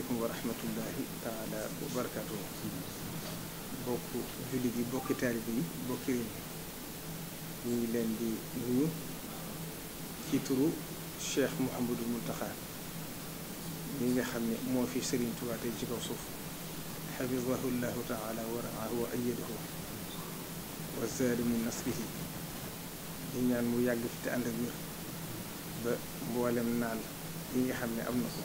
aleykum wa rahmatullahi taala wa barakatuhu bokk jullit yi bokki taalibe yi bokki réew mi ñu leen di nuyu ci turu Cheikh Mouhamadou Mountakha mi nga xam ni moo fi Sëriñ Tuubaa ci kaw suuf xafidahu llahu taala wa raahu wa ayadahu wa zaada min nasrihi di ñaan mu yàgg fi te ànd ak ba mboolem naan yi nga xam ni am na ko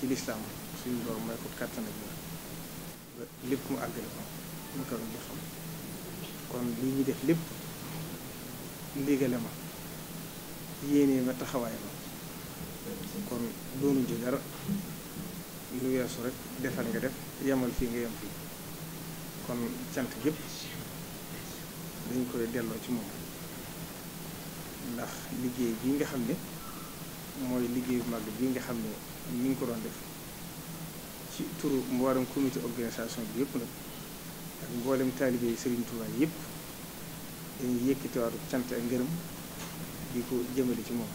ci lislaam suñu borom may ko kàttan ak lépp mu àggale ko mu kaw def lépp ndigale ma yéenee ma taxawaay ma kon doonu ji dara lu weesu rek defal nga def yemal fii nga yem fii kon cant gépp dañ koy delloo ci moom ndax liggéey bii nga xam ne mooy liggéeyu bu mag bii nga xam ne mi ngi ko doon def ci turu mboolem comité organisation bi yëpp nag ak mboolem taalibe yi Serigne Touba yëpp dañuy yëkkatiwaatu cant ak ngërëm di ko jëmale ci moom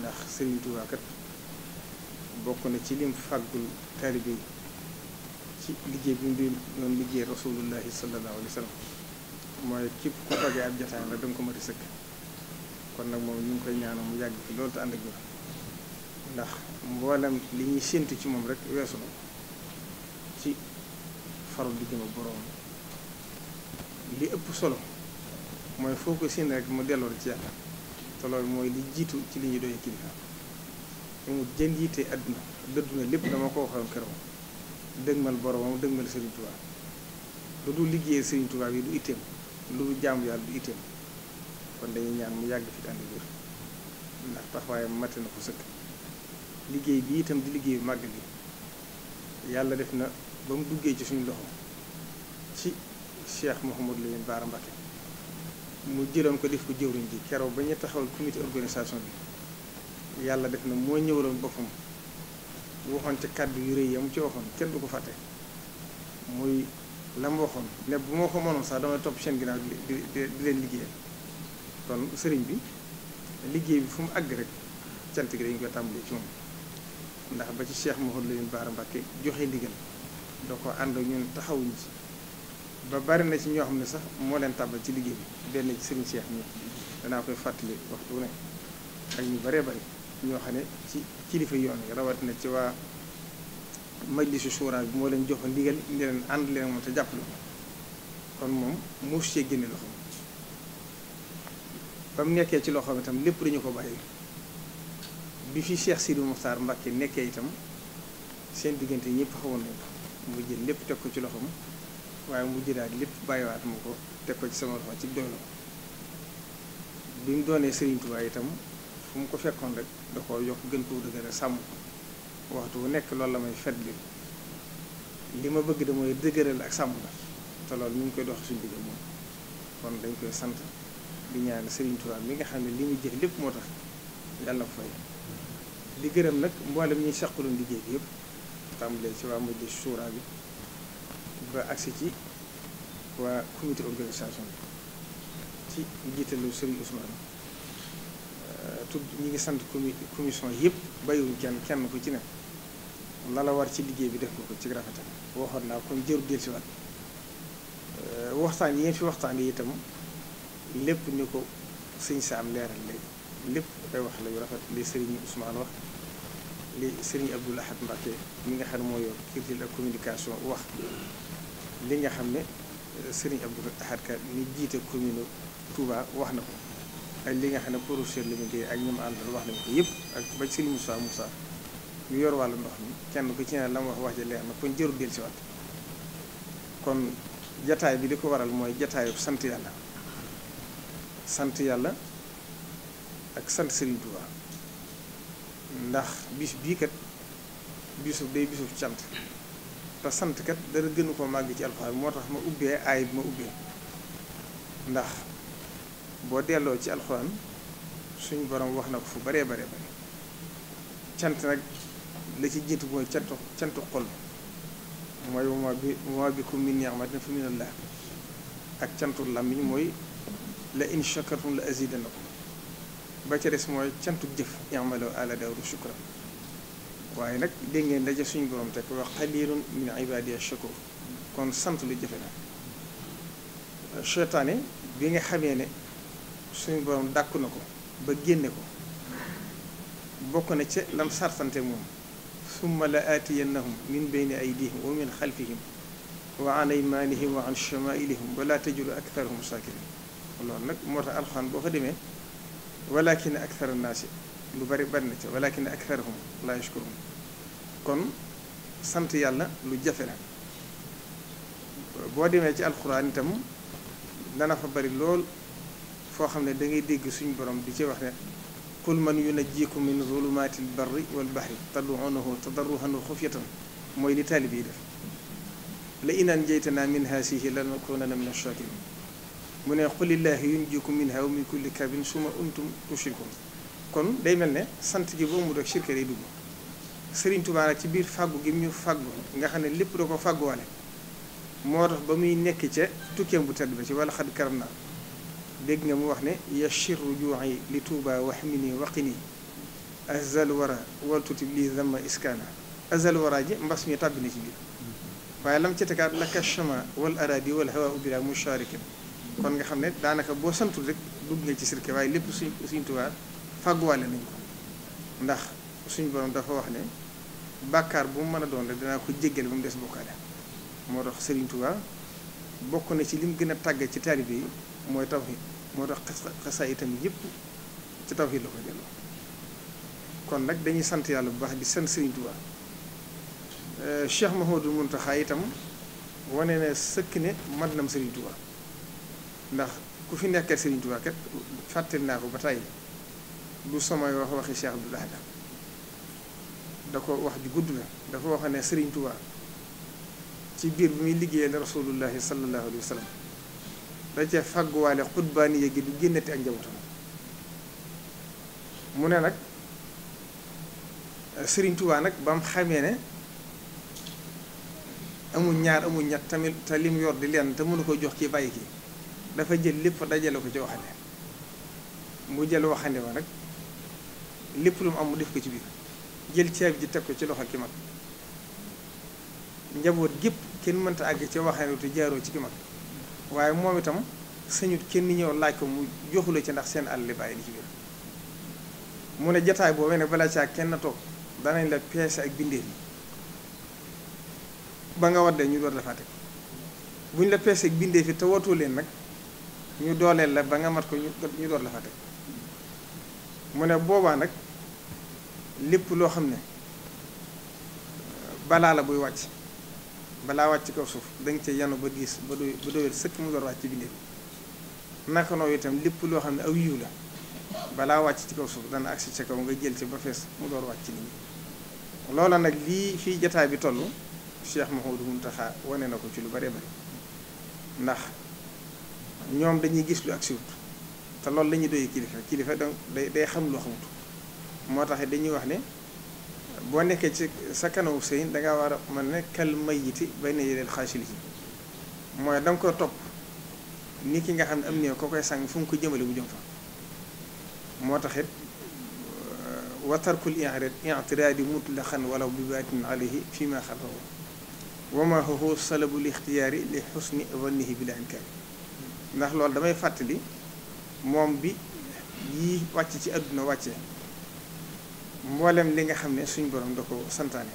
ndax Serigne Touba kat bokk na ci lim fàggul taalibe yi ci liggéey bi mu doon liggéey rasulullahi sallallahu alayhi wa sallam mooy ci ku toggee ab jotaay la da ko mën a sëkk kon nag moom ñu ngi koy ñaanal mu yàgg ci loolu te ànd ak ñoom. ndax mboolem li ñuy séentu ci moom rek weesu na ci faru diggam ak boroom li ëpp solo mooy foo ko séen rek mu delloo ci yàlla te loolu mooy li jiitu ci li ñu doy kilifa mu jën yiite àdduna dëdduna lépp dama ko waxoon keroog dëgmal boromam dëgmal Serigne Touba lu du liggéeyee Serigne Touba bi du itteem lu jaamu yàlla du iteem kon dañuy ñaan mu yàgg fi tànn biir ndax taxawaayam mate na ko sëkk liggéey bi itam di liggéeyu màgg bi yàlla def na ba mu duggee ci suñu loxo ci Cheikh Mouhamadou Lamine Bara Mbacké mu jëloon ko def ko jëwriñ ji keroog ba ñu taxawal comité organisation bi yàlla def na moo ñëwaloon boppam waxoon ci kàddu yu rëy ya mu ci waxoon kenn du ko fàtte muy la mu waxoon ne bu moo ko mënoon sax damay topp seen ginnaaw di di di leen liggéeyal kon sëriñ bi liggéey bi fu mu àgg rek cant gi dañ koy tàmbalee ci moom ndax ba ci Cheikh Mouhamadou Lamine Bara Mbacké joxe ndigal da ko ànd ñun taxawuñu ci ba bari na ci ñoo xam ne sax moo leen tàbbal ci liggéey bi benn ci Serigne Cheikh danaa koy fàttali waxtu ne ak ñu baree bari ñoo xam ne ci kilifa yoon yi rawatina ci waa majlisu suuraa bi moo leen jox ndigal ne leen ànd leen moom te jàppale kon moom muus cee génne loxo ba mu nekkee ci loxo itam lépp dañu ko bàyyi. bi fi Cheikh Sidi Mokhtar Mbacke nekkee itam seen diggante ñëpp xawoon nañ ko mu jël lépp teg ko ci loxoom waaye mu jëlaat lépp bàyyiwaat ma ko teg ko ci sama loxo ci doy na bi mu doonee Serigne itam fu ko fekkoon rek da koo yokk gën koo sàmm waxtu bu nekk loolu la may fet bi li ma bëgg de mooy dëgëral ak sàmm la te lool ñu ngi koy dox suñu digg moom kon dañ koy sant di ñaan Serigne Touba mi nga xam ne li muy jëf lépp moo tax yàlla fay. di gërëm nag mboolem ñuy saqaloon liggéey bi yëpp tàmbalee ci waa mujj suura bi ba agsi ci waa comité organisation bi ci njiitalu Serigne Ousmane euh, tudd ñi ngi sant comi commission yëpp bàyyiwuñ kenn kenn ku ci ne la la war ci liggéey bi def nga ko ci rafetal waxoon naa kon jëru del si waat euh, waxtaan yi yéen itam lépp ni ko sëñ Saam leeral léegi lépp ay wax la rafet li Serigne wax li Serigne Abdoul Ahad Mbacké mi nga xam ne moo yor communication wax li nga xam ne euh, Serigne Abdoul Ahad Ka ni jiite commune Touba wax na ko ak li nga xam ne professeur li mu dee ak ñoom àndal wax nañ ko yëpp ak ba Serigne Moussa Moussa ñu yor wàllu ndox mi kenn ku ci ne la mu wax wax ja leer na kon jëru del si wat kon jataay bi li ko waral mooy jataayu sant yàlla sant yàlla ak sant Serigne Touba ndax bis bii kat bisub day bisub cant te sant kat dara gënu ko màgg ci alxuraan moo tax ma ubbee ay bi ma ubbee ndax boo delloo ci alxuraan suñu borom wax na ko fu baree bare bare cant nag la ci jiitu mooy cantu cantu xol mooy wa maa bikum min ni'matin fa minallah ak cantu làmmiñ mooy la in shakartum na ko ba ca des mooy cantu jëf i'malu ala daawuda shukran waaye nag dégg ngeen daje suñu borom teg wax qalilun min ibadiya shakur kon sant lu jëfe na seytaane bi nga xamee ne suñu borom dàkku na ko ba génne ko bokk na ca lam sartante moom summa la aatiyannahum min bayni aydihim wa min xalfihim wa an aymanihim wa an chamailihim ak tajidu aktharahum sakirin loolu nag moo tax alxuraan boo ko demee walakin akthar annaasi lu bari bari na ca walakin aktharuhum la yashkurun kon sant yàlla lu jafe la boo demee ci alxuraan itam dana fa bari lool foo xam ne da ngay dégg suñu borom di ci wax ne qul man yunajjikum min zulumaati albarri walbahri tad'uunahu tadarruhan wa xufyatan mooy li taalib yi def la inaan naa min haasihi lanakunanna min ash-shaakirin mu ne xulillaahi yunjiikum minhaa wa min kulli kabin summa antum tushrikuun kon day mel ne sant ji ba mu rek shirka day dugg Sëriñ Tuubaa nag ci biir fàggu gi ñu fàggu nga xam ne lépp da ko fàgguwaale moo tax ba muy nekk ca tukkeem bu tedd ba ci wala xad karam naa dégg nga mu wax ne yashirru juuxi li tuubaa waxmini waqini azal wara waltutib li zamma iskaana azal wara ji mbas mi tàbbi na ci biir waaye lam ci tegaat laka chama wal aradi wal hawa ubira kon nga xam ne daanaka boo santu rek dugg nga ci sirke waaye lépp suñ suñ tubaab fàgguwaale nañ ko ndax suñ borom dafa wax ne bàkkaar bu mu mën a doon rek danaa ko jéggal ba mu des bokkaale moo tax Sëriñ Tuubaa bokk na ci lim gën a tàggat ci taalibe yi mooy tawhid moo tax xasaa itam ci tawhid la ko nag dañuy sant yàlla bu baax di sant Sëriñ Tuubaa euh, Cheikh Mahoudou Mountakha itam wane na sëkk ne mat nam Sëriñ Tuubaa ndax ku fi nekkal Serigne kat fàttali naa ko ba tey du samay wax waxi Cheikh Abdoul Ahad da ko wax ju gudd na dafa wax ne Serigne ci biir bi muy liggéeyal rasulullahi sallallahu alayhi wa sallam da cee fagguwaale xutbaani yëgi du génnati ak njabootam mu ne nag sëriñtuwaa nag ba mu xamee ne amul ñaar amul ñett tamit te lim yor di leen te mënu ko jox kii bàyyi kii. dafa jël lépp dajale ko ci waxande mu jël waxande wa nag lépp lu mu am mu def ko ci biir jël ceeb ji teg ko ci loxo ki mag njaboot gépp kenn mënta àgg ci waxande te jaaroo ci ki mag waaye moom itam sañut kenn ñëw laaj ko mu joxula ci ndax seen àll li bàyyi di ci biir mu ne jataay boobu nag balaa caa kenn toog danañ la peese ak bindeef yi ba nga waddee ñu door dafa teg buñ ñu la peese ak bindeef yi te watoo leen nag ñu dooleel la ba nga mat ko ñu door la fa teg mu ne boobaa nag lépp loo xam ne euh, balaa la buy wàcc balaa wàcc kaw suuf danga ci yanu ba diis ba doy ba doyal sëkk wàcc ci naka noonu itam lépp loo xam ne aw yiw la balaa wàcc ci kaw suuf dana agsi ci kaw nga jël ci ba fees mu door wàcc ci nit ñi loola nag lii fii jataay bi toll Cheikh Mouhamadou taxaar wane na ko ci lu bare bari ndax ñoom dañuy gis lu ak siwut te loolu la ñuy doyee kilifa kilifa donc day day xam loo xamut moo tax dañuy wax ne boo nekkee ci sa kanamu sëyin da war a mën ne kal mayiti bay na yeneen xaasili yi mooy danga nga ko topp nit ki nga xam ne am ne ko koy sàng fu mu ko jëmale bu jëm fa moo tax it wa tarkul i'tiraadi mutlaqan walaw bi baatin alayhi fi ma xatahu wa ma huwa salabu l ixtiyaari li xusni zannihi bila inkaari ndax loolu damay fàttali moom bi yi wàcc ci àdduna wàcce mboolem li nga xam ne suñ borom da ko santaane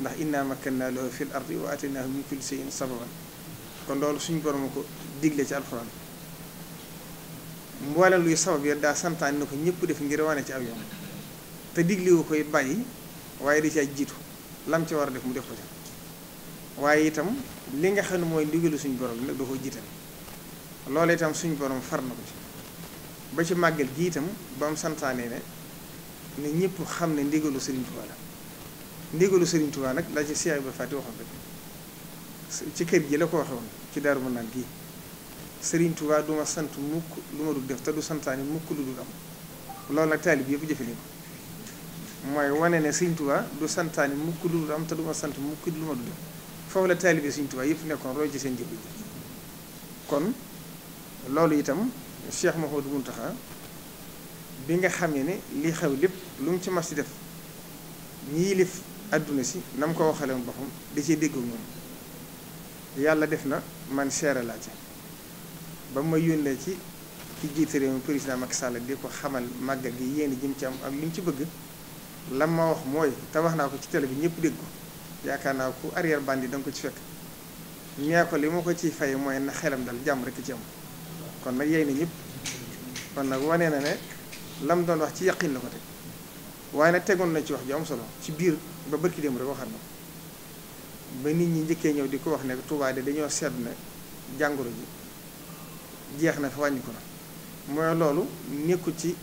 ndax inna makkanna lahu fil ardi wa ataynaahu min kulli shay'in sababan kon loolu suñ borom ko digle ci alxuraan mboolem luy sabab ya daa santaane na ko ñëpp def ngir wane ci aw yoon te digliwu koy bàyyi waaye da caa jiitu lam ci war a def mu def ko ca waaye itam li nga xam ne mooy ndigalu suñ borom nag da ko jiital loolu itam suñu borom far na ko ci ba ci màggal gii itam ba mu santaane ne ne ñëpp xam ne ndigalu Serigne Touba la ndigalu Serigne nag la ci Cheikh Ibra Faty ci kër gi la ko waxee ci Daaru Manaan gii Serigne Touba du ma sant lu ma def te santaane mukk lu dul am loolu nag taalib yëpp jëfe mooy wane ne Serigne Touba du santaane mukk lu dul am te du ma sant mukk lu ma dul def foofu la taalibe Serigne yëpp nekkoon roy ci seen jëf ji kon. loolu itam Cheikh Mouhamadou Mountakha bi nga xamee ni li xew lépp lu mu ci mas di def ñii lif àdduna si na mu ko waxalee boppam di cee dégg moom yàlla def na man seere laa ci ba ma yónnee ci ki jiite réew mi président Macky Sall di ko xamal màggal gi yéen jëm ci am ak li mu ci bëgg lan ma wax mooy te naa ko ci télé bi ñëpp dégg ko yaakaar naa ko arrière bandi da nga ko ci fekk ñee ko li ma ko ciy fay mooy na xelam dal jàmm rekk ci am kon nag yey na ñëpp kon nag wanee na ne lam doon wax ci yaqin la ko teg waaye nag tegoon na ci wax ju solo ci biir ba ki démb rek waxaat ma ba nit ñi njëkkee ñëw di ko wax ne Tuubaa de dañoo sedd ne jàngoro ji jeex na fa wàññi na mooy loolu nekku ci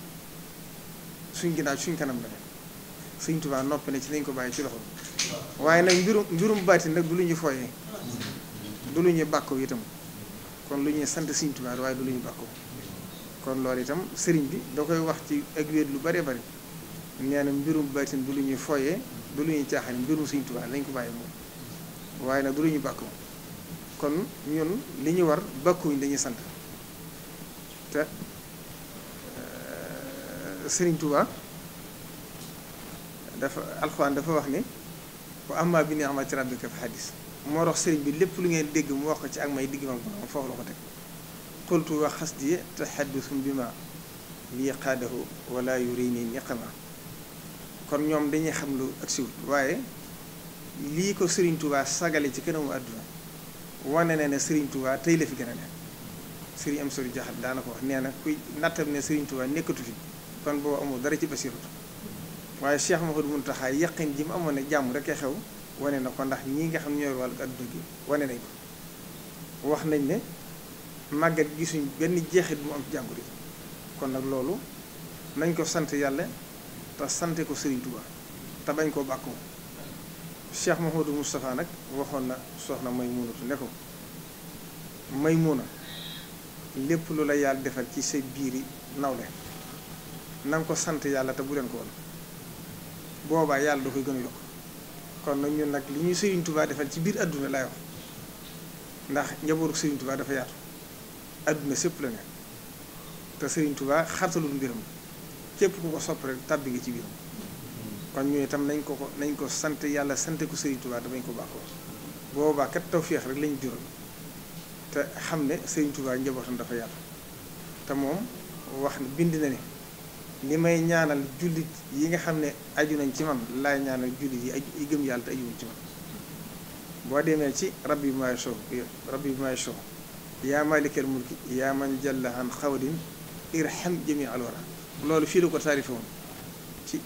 suñ ginnaaw suñ kanam la ne Sëñ Tuubaa noppi na ci lañ ko bàyyi ci loxo bi waaye nag mbirum mbirum baatin nag du lu ñu fooyee du lu ñuy bàkkoo itam kon lu ñuy sant Sëriñ Tuubaa waaye du lu ñu bàkkoo kon loolu itam sëriñ bi da koy wax ci ak wéet lu bëree bëri nee na mbirum baatin du lu ñuy fooye du lu ñuy caaxaan mbirum Sëriñ Tuubaa lañ ko bàyyi moom waaye nag du lu ñu bàkkoo kon ñun li ñu war bàkkuñ dañuy sant te euh, Sëriñ Tuubaa dafa alxuraan dafa wax ni wa amma bi ni'mati rabbika fa hadis moo sëriñ bi lépp lu ngeen dégg mu wax ko ci ak may digg ma borom la ko teg qultu wa xasdi taxaddusum bi ma lii qaadahu wala yurini niqama kon ñoom dañuy xam lu ak siwut waaye lii ko sëriñ Touba sagale ci kënamu àdduna wane na ne sëriñ Touba tey la fi gën a ne sëriñ am sori jaxal daana wax nee na kuy nattab ne sëriñ Touba nekkatu fi kon boobu amul dara ci basirut waaye Cheikh Mouhamadou taxaay yaqin ji mu amoon ne jàmm rek a xew wane na ko ndax ñii nga xam ñooy wàllu adduna gi wane nañ wax nañ ne màggat gisuñ benn jeexit bu am jàngur yi kon nag loolu nañ ko sant yàlla te sante ko Serigne te bañ koo bàkkoo Cheikh Mouhamadou Moustapha nag waxoon na soxna Maymunatu ne ko may Maymuna lépp lu la yàlla defal ci sa yi nawle na nga ko sant yàlla te bu leen ko woon boobaa yàlla doo koy gën yokk kon nag ñun nag li ñuy Serigne tubaa defal ci biir adduna laay wax ndax njabootu Serigne Touba dafa yaatu adduna sépp la ne te Serigne tubaa xartalul mbiram képp ku ko sopp rek tàbbi nga ci biiram kon ñu itam nañ ko ko nañ ko sant yàlla sant ko Serigne Touba damañ ko bàkkoo boobaa kat féex rek lañ jural te xam ne Serigne Touba njabootam dafa yaatu te moom wax ne bind na ne. li may ñaanal jullit yi nga xam ne aju nañ ci man laay ñaanal jullit yi aju yi gëm yàlla te ajuwuñ ci man boo demee ci rabbi bi may show rabbi bi may show yaa malikal mulki yaa man jalla an xawdin irham jami alwara loolu fii la ko taarife woon ci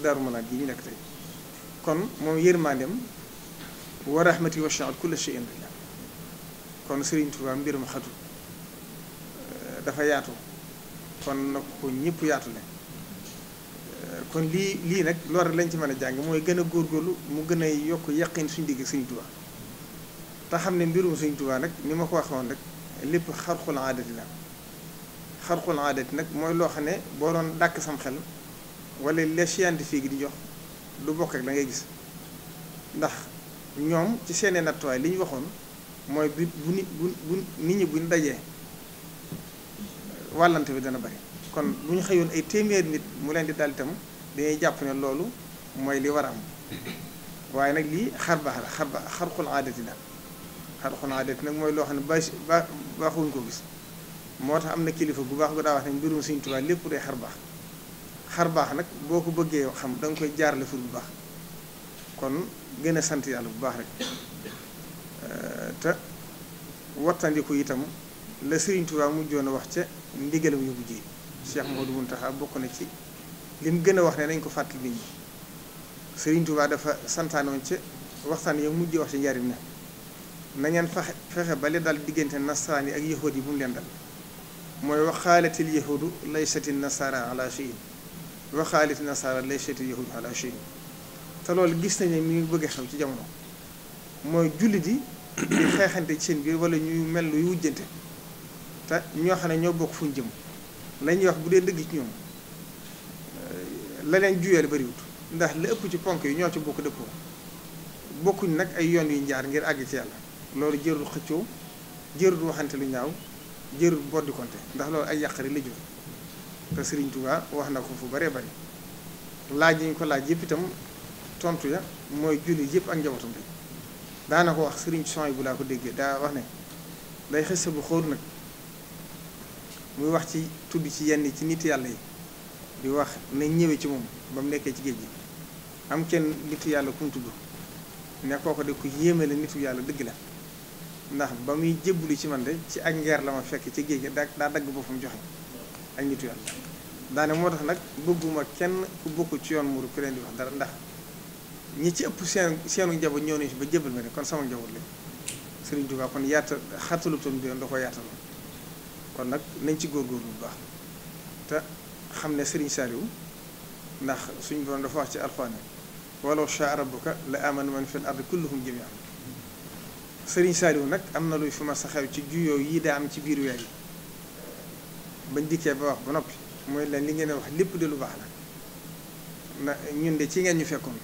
daaru manaat gi ñu nekk tey kon moom yërmaandeem wa rahmati wasi'at kulla shay'in kon Sëriñ Tuubaa mbirum xatu dafa yaatu kon na ñépp yaatu yaatule euh, kon lii lii nag loolu lañ ci mën a jàng mooy gën a góor góorlu mu gën a yokk yaqin suñu digg Sëriñ Tuubaa te xam ne mbirum Sëriñ Tuubaa nag ni ma ko waxoon rek lépp xarxul aadati la xarxul aadati nag mooy loo xam ne boo doon dàkk sam xel wala les scientifique di jox du bokk ak gis ndax ñoom ci seeni nattuwaay li waxoon mooy bu bu nit bu nit ñi buñ dajee wàllante bi dana bari kon bu ñu xëyoon ay téeméer nit mu leen di dal itam dañuy jàpp ne loolu mooy li war a am waaye nag lii xar baax la xar baax xarxul aadati la xarxul aadati nag mooy loo xam ne ba baaxuñ ko gis moo tax am na kilifa bu baax bu daa wax ne mbirum Sëriñ lépp day xar baax xar baax nag boo ko bëggee xam danga nga koy jaarale fur bu baax kon gën a sant yàlla bu baax rek te wattandiku itam la Sëriñ Tuubaa mujjoon a wax ca ñu ndigalam yóbbu ji Cheikh mm-hmm. Mouhamadou Mountakha bokk na ci li gën a wax ne nañ ko fàttali nit ñi Serigne Touba dafa santaanoon ca waxtaan yow mujj wax ci njariñ na nañeen fexe fexe ba li dal diggante nasaraan yi ak yahud yi bu mu leen dal mooy waxaalatil yahudu laysati nasara ala shay'in waxaalati nasara laysati yahudu ala shay'in te loolu gis nañu ne mi ngi bëgg xew ci jamono mooy jullit yi di xeexante ci seen biir wala ñuy mel luy wujjante te ñoo xam ne ñoo bokk fu ñu jëm lañuy wax bu dee dëgg ci ñoom la leen juyal bariwut ndax li ëpp ci ponk yi ñoo ci bokk dëppoo bokkuñ nag ay yoon yu njaar ngir àgg ci yàlla loolu jërul xëccoo jërul waxante lu ñaaw jërul boddikonte ndax loolu ay yàqari la jur te Sëriñ Tuubaa wax na ko fu baree bari laaj yi ñu ko laaj yëpp itam tontu ya mooy julli yëpp ak njabootam bi daana ko wax Sëriñ Son bu laa ko déggee daa wax ne day xëy sa bu xóor nag muy wax ci tudd ci yenn ci nit yàlla yi di wax na ñëwee ci moom ba mu nekkee ci géej gi am kenn nitu yàlla ku mu tudd ne kooko de ku yéeme la nitu yàlla dëgg la ndax ba muy jébbulu ci man de ci ak ngeer la ma fekk ci géej gi daa daa dagg boppam joxe ak nitu yàlla daane moo tax nag bëgguma kenn ku bokk ci yoon muru ku leen di wax dara ndax ñi ci ëpp seen seenu njaboot ñëw nañu si ba jébbal ma ne kon sama njaboot lañ Sëriñ Tuubaa kon yaata xattalutoon bi yoon ko yaataloon kon nag nañ ci góor góorgóorlu bu baax te xam ne Serigne Saliou ndax suñu borom dafa wax ci alxuraan walaw shaa rabbuka la na man fil ardi kulluhum jami'an Serigne Saliou nag am na luy fi ma sa xew ci juyoo yi daa am ci biir weer yi bañ dikkee ba wax ba noppi mooy leen li ngeen wax lépp de lu baax la na ñun de ci ngeen ñu fekkoon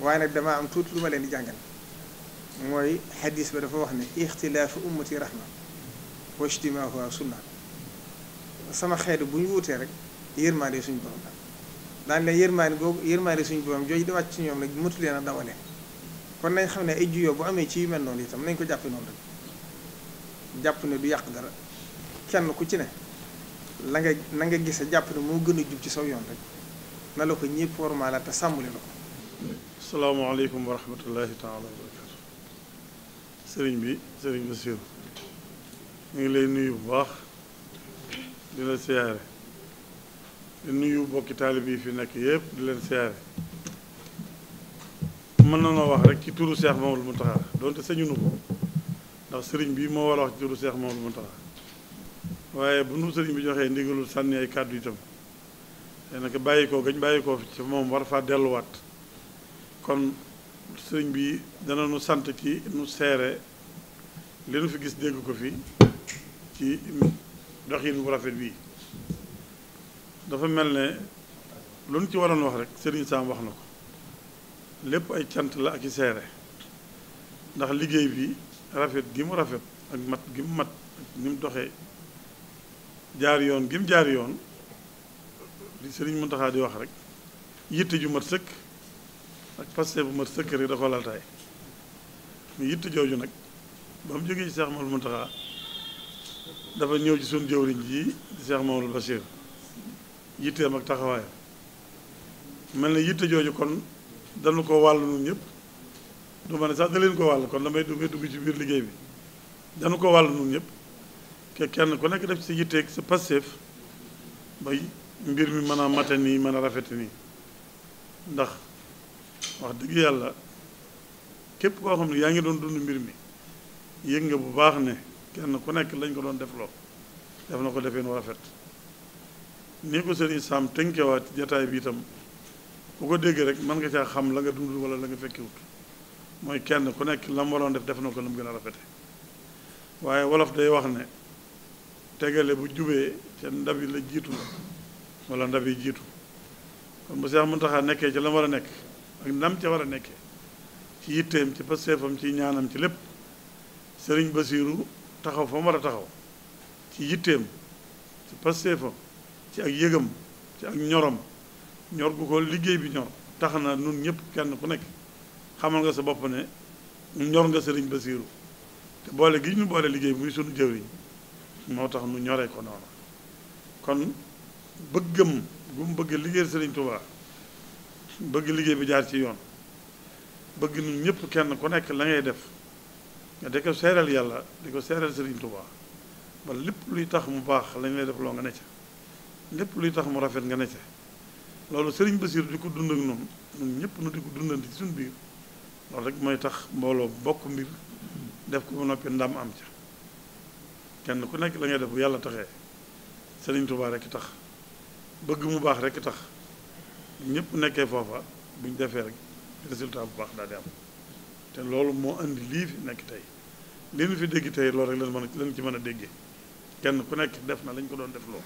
waaye nag damaa am tuuti lu ma leen di jàngal mooy xadis ba dafa wax ne ixtilaafu rax rahma wajtimaahuwaa sunna sama xeet bu ñu wutee rek yërmaande suñu borom la daan leen yërmaande googu yërmaande suñu borom jooju di wàcc ci ñoom nag mëtu leen a dawalee kon nañ xam ne ay juyoo bu amee ci yu mel noonu itam nañ ko jàppe noonu rek jàpp ne du yàq dara kenn ku ci ne la nga na nga gise jàpp ne moo gën a jub ci saw yoon rek na la ko ñëpp warmaala te sàmmule la ko asalaamaaleykum wa rahmatullahi taala wa barakatu sëriñ bi sëriñ Basiru ñu ngi lay nuyu bu baax di la siyaare nuyu bokki taalib yi fi nekk yëpp di leen siyaare mën na noo wax rek ci turu Seex Mamadu Muntaxa donte sëñunu ko ndax sëriñ bi moo war a wax ci turu Seex Mamadu Muntaxa waaye bu nu sëriñ bi joxee ndigalul sànni ay kàddu itam te nag bàyyi ko gañ bàyyi ko ci moom war faa delluwaat kon sëriñ bi dana nu sant ci nu seere li fi gis dégg ko fi ci doxin bu rafet bii dafa mel ne lu ñu ci waroon wax rek Serigne Sam wax na ko lépp ay cant la ak i seere ndax liggéey bi rafet gi mu rafet ak mat gi mu mat ak ni mu doxee jaar yoon gi mu jaar yoon li Serigne Mountakha di wax rek yitte ju mat sëkk ak paste bu mat sëkk rek da ko laltaay mu yitte jooju nag ba mu jógee ci Seex Muhamadu Mountakha dafa ñëw ci suñu jëwriñ ji di Cheikh Mamadou Bachir yitteem ak taxawaayam mel na yitte jooju kon dañu ko wàll ñun ñëpp du ma sax da leen ko wàll kon damay damay dugg ci biir liggéey bi dañu ko wàll ñun ñëpp ke kenn ku nekk def ci sa yitteeg sa passeef bay mbir mi mën a mate nii mën a rafete nii ndax wax dëgg yàlla képp koo xam ne yaa ngi doon dund mbir mi yëg nga bu baax ne kenn ku nekk lañ ko doon def loo def na ko defeen war a fet nii ko sëriñ Saam tënkewaat jataay bi itam ku ko dégg rek mën nga caa xam la nga dund wala la nga fekkiwut mooy kenn ku nekk lam waroon def def na ko lam gën a rafete waaye wolof day wax ne tegale bu jubee ca ndab yi la jiitu la wala ndab yi jiitu kon bu Seex Muntaxa nekkee ci lam war a nekk ak nam ca war a nekkee ci yitteem ci pasteefam ci ñaanam ci lépp sëriñ Basiiru taxaw fa mu war a taxaw ci yittéem ci pastéefam ci ak yëgam ci ak ñorom ñor gu ko liggéey bi ñor tax na nun ñëpp kenn ku nekk xamal nga sa bopp ne ñor nga sëriñ Basiiru te boole gi ñu boole liggéey muy sunu jëwriñ moo tax mu ñoree ko noonu kon bëggam bu mu bëgg liggéey sëriñ Tuubaa bëgg liggéey bi jaar ci yoon bëgg nun ñëpp kenn ku nekk la ngay def nga di ko seeral yàlla di ko seeral Serigne Touba ba lépp luy tax mu baax lañ lay def loo nga ne ca lépp luy tax mu rafet nga ne ca loolu Serigne Bassirou di ko dund ak noonu ñun ñëpp nu di ko dundante ci suñu biir loolu rek mooy tax mbooloo bokk mbir def ko ba noppi ndam am ca kenn ku nekk la ngay def bu yàlla taxee Serigne Touba rek tax bëgg mu baax rek tax ñëpp nekkee foofa buñ defee rek résultat bu baax daal di am te loolu moo indi lii fi nekk tey. li ñu fi dégg tey loolu rek lañ mën a lañ ci mën a déggee kenn ku nekk def na lañ ko doon def loo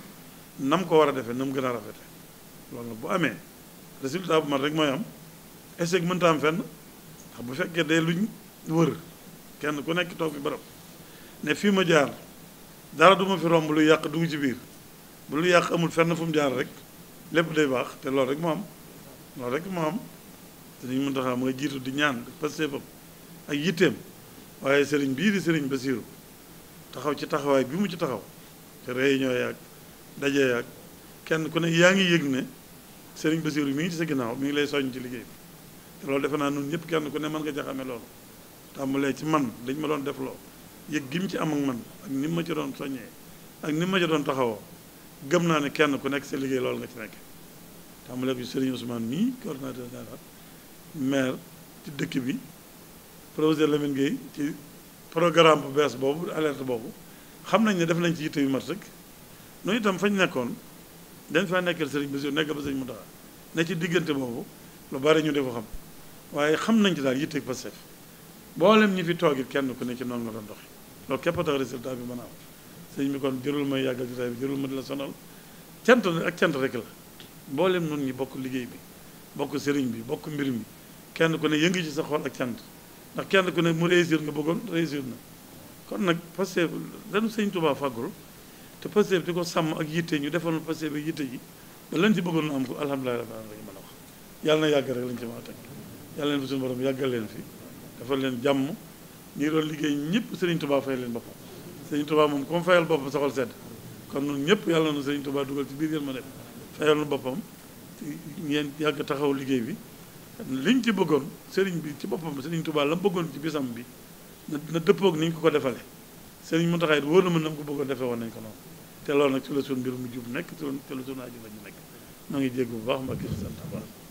nam ko war a defee nam gën a rafete loolu na bu amee résultat bu mat rek mooy am échec mënta am fenn bu fekkee dee luñ wër kenn ku nekk toog bi barab fii ma jaar dara du fi romb lu yàq dugg ci biir bu lu yàq amul fenn fu mu jaar rek lépp day baax te loolu rek moo am loolu rek moo am te ñu mën taxaa ma nga jiitu di ñaan ak pasteefam ak yitteem waaye sëriñ bii di sëriñ Basiiru taxaw ci taxawaay bi mu ci taxaw ci réunion yaag daje yaag kenn ku ne yaa ngi yëg ne sëriñ Basiiru mi ngi ci sa ginnaaw mi ngi lay soññ ci liggéey bi te loolu defe naa nun ñëpp kenn ku ne mën nga jaxame loolu tàmbalee ci man dañ ma doon def loo gi mu ci am man ni ma ci doon ak ni ma ci doon taxawoo gëm naa ne kenn ku nekk sa liggéey loolu nga ci nekk tàmbalee ko sëriñ Ousmane mii coordonnateur général maire ci dëkk bi professeur Lamine Gueye ci programme bu bees boobu alerte boobu xam nañ ne def nañ ci yitte yu mat rek noonu itam fañ nekkoon dañ faa nekkal sëriñ Bassirou nekk ba sëriñ Mountakha ne ci diggante boobu lu bari ñu defu xam waaye xam nañ ci daal yitte Pastef mboolem ñi fi toog kenn ku ne ci noonu nga doon doxi loolu képp a tax résultat bi mën a am sëriñ bi kon jërul may yàggal jotaay bi jërul ma di la sonal cant ak cant rek la mboolem nun ñi bokk liggéey bi bokk sëriñ bi bokk mbir mi kenn ku ne yëngi ci sa xol ak cant ndax kenn ku ne mu réussir nga bëggoon réussir na kon nag Pastef lanu sëñ Tuubaa fàggul te bi di ko sàmm ak yitte ñu defoon Pastef ak yitte ji ba lañ ci bëggoon a wax yàlla na yàgg rek lañ ci mën a teg yàlla leen fi leen fi defal leen jàmm ñi doon liggéey ñëpp sëriñ Tuubaa fay leen boppam sëriñ Tuubaa moom comme fayal boppam soxal sedd kon noonu ñëpp yàlla na sëriñ Tuubaa dugal ci biir yéen ma def fayal nu boppam ngeen yàgg taxaw liggéey bi liñ ci bëggoon sëriñ bi ci boppam sëriñ Tuubaa la mu bëggoon ci bisam bi na dëppoog ni ñu ko ko defale sëriñ Muntaxa it wóor na mën na mu ko bëggoon defee woon nañ ko noonu te loolu nag ci la suñu mbir mu jub nekk ci la suñu aji la ñu nekk maa ngi jégg bu baax mbaa kii sant baax